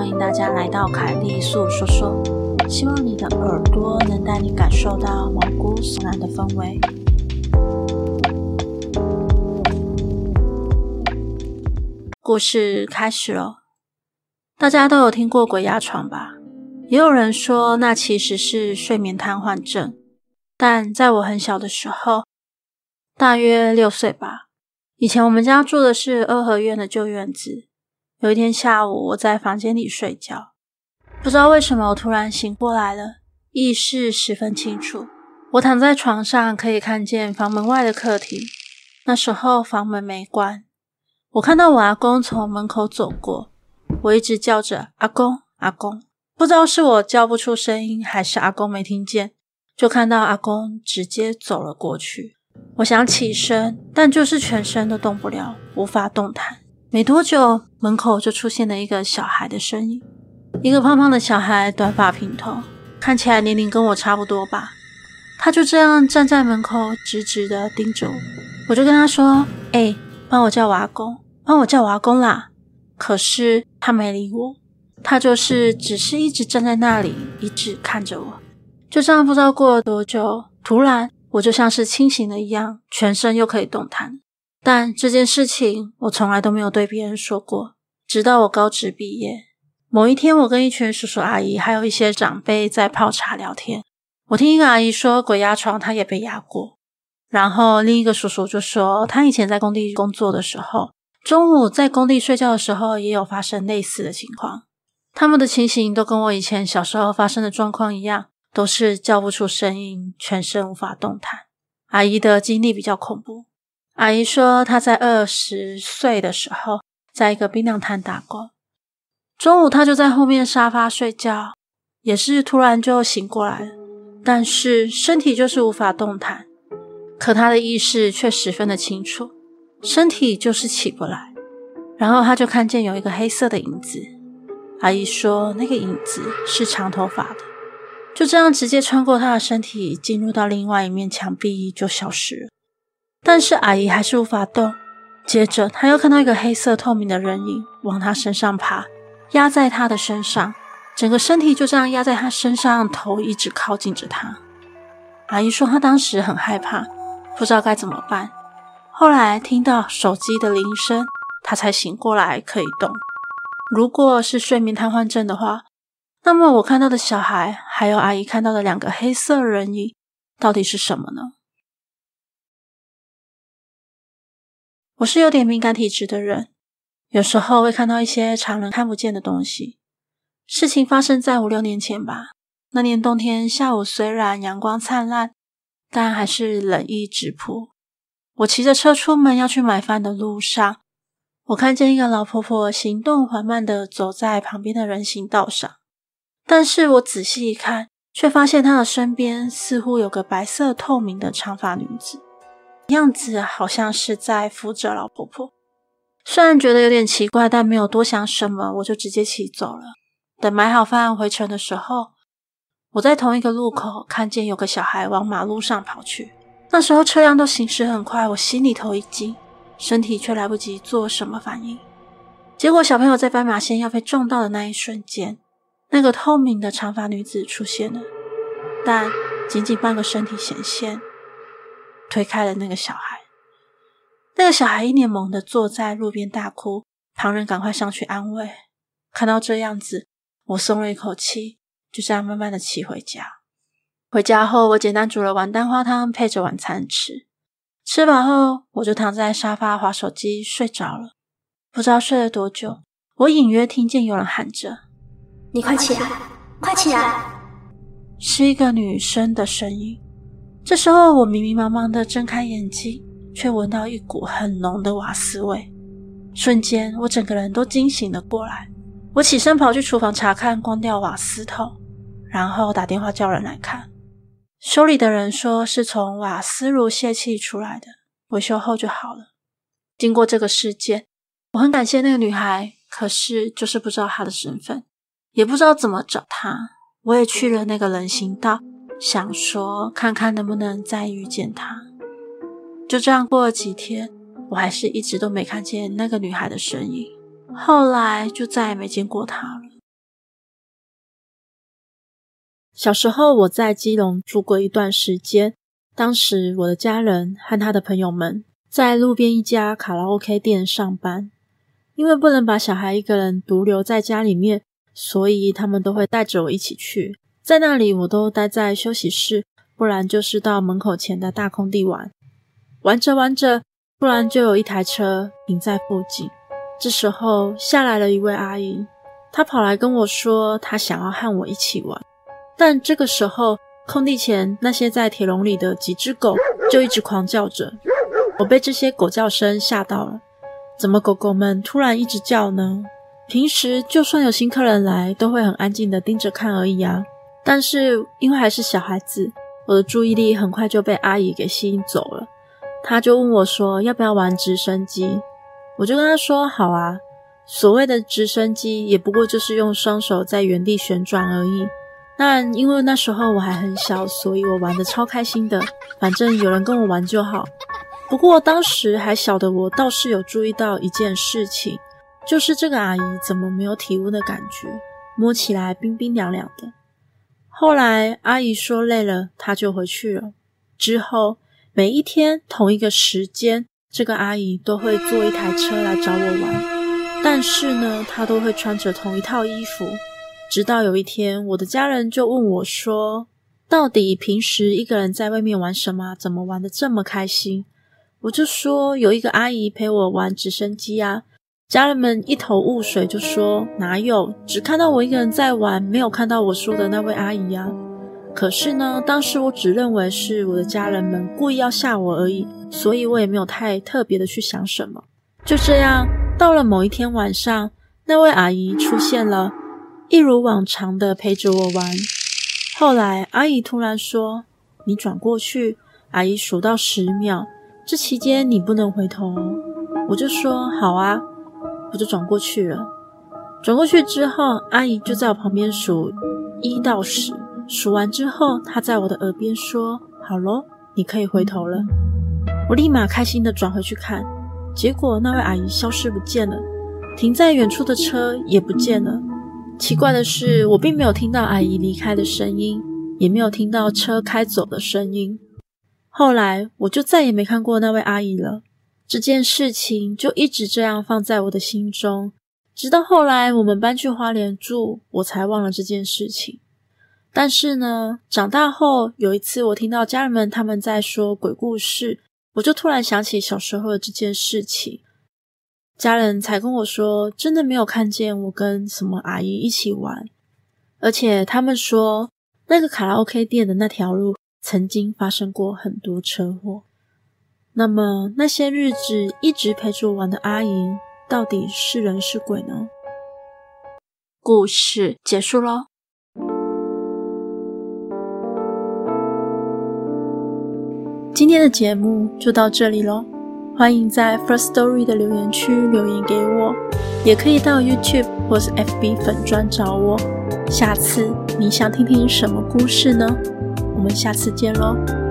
歡迎大家來到凱莉粟說說，希望你的耳朵能帶你感受到蒙古草原的氛圍。故事開始了，大家都有聽過鬼壓床吧？也有人說那其實是睡眠癱瘓症，但在我很小的時候，大約六歲吧，以前我們家住的是二合院的舊院子。有一天下午，我在房間裡睡覺，不知道為什麼我突然醒過來了，意識十分清楚。我躺在床上，可以看見房門外的客廳。那時候房門沒關，我看到我阿公從門口走過，我一直叫着“阿公，阿公”，不知道是我叫不出聲音，還是阿公沒聽見，就看到阿公直接走了過去。我想起身，但就是全身都動不了，無法動彈。沒多久，門口就出現了一個小孩的身影，一個胖胖的小孩，短髮平頭，看起來年齡跟我差不多吧。他就這樣站在門口，直直的盯着我。我就跟他說：“哎、欸，幫我叫阿公，幫我叫阿公啦。”可是他沒理我，他就是只是一直站在那裡，一直看着我。就這樣，不知道過了多久，突然我就像是清醒了一樣，全身又可以動彈。但這件事情我從來都沒有對別人說過。直到我高職畢業，某一天我跟一群叔叔阿姨還有一些長輩在泡茶聊天，我聽一個阿姨說鬼壓床，她也被壓過。然後另一個叔叔就說，他以前在工地工作的時候，中午在工地睡覺的時候也有發生類似的情況。他們的情形都跟我以前小時候發生的狀況一樣，都是叫不出聲音，全身無法動彈。阿姨的經歷比較恐怖。阿姨說，她在二十歲的時候，在一個檳榔攤打工。中午，她就在後面沙發睡覺，也是突然就醒過來，但是身體就是無法動彈。可她的意識卻十分的清楚，身體就是起不來。然後她就看見有一個黑色的影子。阿姨說，那個影子是長頭髮的，就這樣直接穿過她的身體，進入到另外一面牆壁，就消失了。但是阿姨還是無法動。接着，她又看到一個黑色透明的人影往她身上爬，壓在她的身上，整個身體就這樣壓在她身上，頭一直靠近着她。阿姨說，她當時很害怕，不知道該怎麼辦。後來聽到手機的鈴聲，她才醒過來，可以動。如果是睡眠癱瘓症的話，那麼我看到的小孩，還有阿姨看到的兩個黑色人影，到底是什麼呢？我是有點敏感體質的人，有時候會看到一些常人看不見的東西。事情發生在五六年前吧。那年冬天下午，雖然陽光燦爛，但還是冷意直撲。我騎着車出門要去買飯的路上，我看見一個老婆婆行動緩慢地走在旁邊的人行道上。但是我仔細一看，卻發現她的身邊似乎有個白色透明的長髮女子。樣子好像是在扶着老婆婆，雖然覺得有點奇怪，但沒有多想什麼，我就直接騎走了。等買好飯回程的時候，我在同一個路口看見有個小孩往馬路上跑去，那時候車輛都行駛很快，我心裡頭一驚，身體卻來不及做什麼反應。結果小朋友在斑馬線要被撞到的那一瞬間，那個透明的長髮女子出現了，但僅僅半個身體顯現。推開了那個小孩，那個小孩一臉懵的坐在路邊大哭，旁人趕快上去安慰。看到這樣子，我鬆了一口氣，就這樣慢慢的騎回家。回家後，我簡單煮了碗蛋花湯配着晚餐吃，吃完後我就躺在沙發滑手機睡着了。不知道睡了多久，我隱約聽見有人喊着：“你快起來，快起來！”起來是一個女生的聲音。這時候，我迷迷茫茫的睜開眼睛，卻聞到一股很濃的瓦斯味。瞬間，我整個人都驚醒了過來。我起身跑去廚房查看，關掉瓦斯頭，然後打電話叫人來看。修理的人說是從瓦斯爐洩氣出來的，維修後就好了。經過這個事件，我很感謝那個女孩，可是就是不知道她的身份，也不知道怎麼找她。我也去了那個人行道。想說看看能不能再遇見她。就這樣過了幾天，我還是一直都沒看見那個女孩的身影，後來就再也沒見過她了。小時候我在基隆住過一段時間，當時我的家人和他的朋友們在路邊一家卡拉 OK 店上班，因為不能把小孩一個人獨留在家裡面，所以他們都會帶着我一起去。在那裡，我都待在休息室，不然就是到門口前的大空地玩。玩着玩着，突然就有一台車停在附近。這時候下來了一位阿姨，她跑來跟我說，她想要和我一起玩。但這個時候，空地前那些在鐵籠裡的幾只狗就一直狂叫着。我被這些狗叫聲嚇到了。怎麼狗狗們突然一直叫呢？平時就算有新客人來，都會很安靜地盯着看而已啊。但是因為還是小孩子，我的注意力很快就被阿姨給吸引走了。她就問我說：“要不要玩直升機？”我就跟她說：“好啊。”所謂的直升機也不過就是用雙手在原地旋轉而已。但因為那時候我還很小，所以我玩的超開心的。反正有人跟我玩就好。不過當時還小的我倒是有注意到一件事情，就是這個阿姨怎麼沒有體溫的感覺，摸起來冰冰涼涼的。後來，阿姨說累了，她就回去了。之後，每一天同一個時間，這個阿姨都會坐一台車來找我玩。但是呢，她都會穿着同一套衣服。直到有一天，我的家人就問我說：“到底平時一個人在外面玩什麼？怎麼玩得這麼開心？”我就說：“有一個阿姨陪我玩直升機啊。”家人們一頭霧水，就說哪有？只看到我一個人在玩，沒有看到我說的那位阿姨啊。可是呢，當時我只認為是我的家人們故意要嚇我而已，所以我也沒有太特別的去想什麼。就這樣，到了某一天晚上，那位阿姨出現了，一如往常的陪着我玩。後來阿姨突然說：“你轉過去，阿姨數到十秒，這期間你不能回頭。”我就說：“好啊。”我就轉過去了，轉過去之後，阿姨就在我旁邊數一到十，數完之後，她在我的耳邊說：“好嘍，你可以回頭了。”我立馬開心地轉回去看，結果那位阿姨消失不見了，停在遠處的車也不見了。奇怪的是，我並沒有聽到阿姨離開的聲音，也沒有聽到車開走的聲音。後來，我就再也沒看過那位阿姨了。這件事情就一直這樣放在我的心中，直到後來我們搬去花蓮住，我才忘了這件事情。但是呢，長大後有一次我聽到家人們他們在說鬼故事，我就突然想起小時候的這件事情。家人才跟我說，真的沒有看見我跟什麼阿姨一起玩，而且他們說那個卡拉 OK 店的那條路曾經發生過很多車禍。那麼那些日子一直陪着我玩的阿姨到底是人是鬼呢？故事結束嘍。今天的節目就到這裡嘍，歡迎在 First Story 的留言區留言給我，也可以到 YouTube 或是 FB 粉專找我。下次你想聽聽什麼故事呢？我們下次見嘍。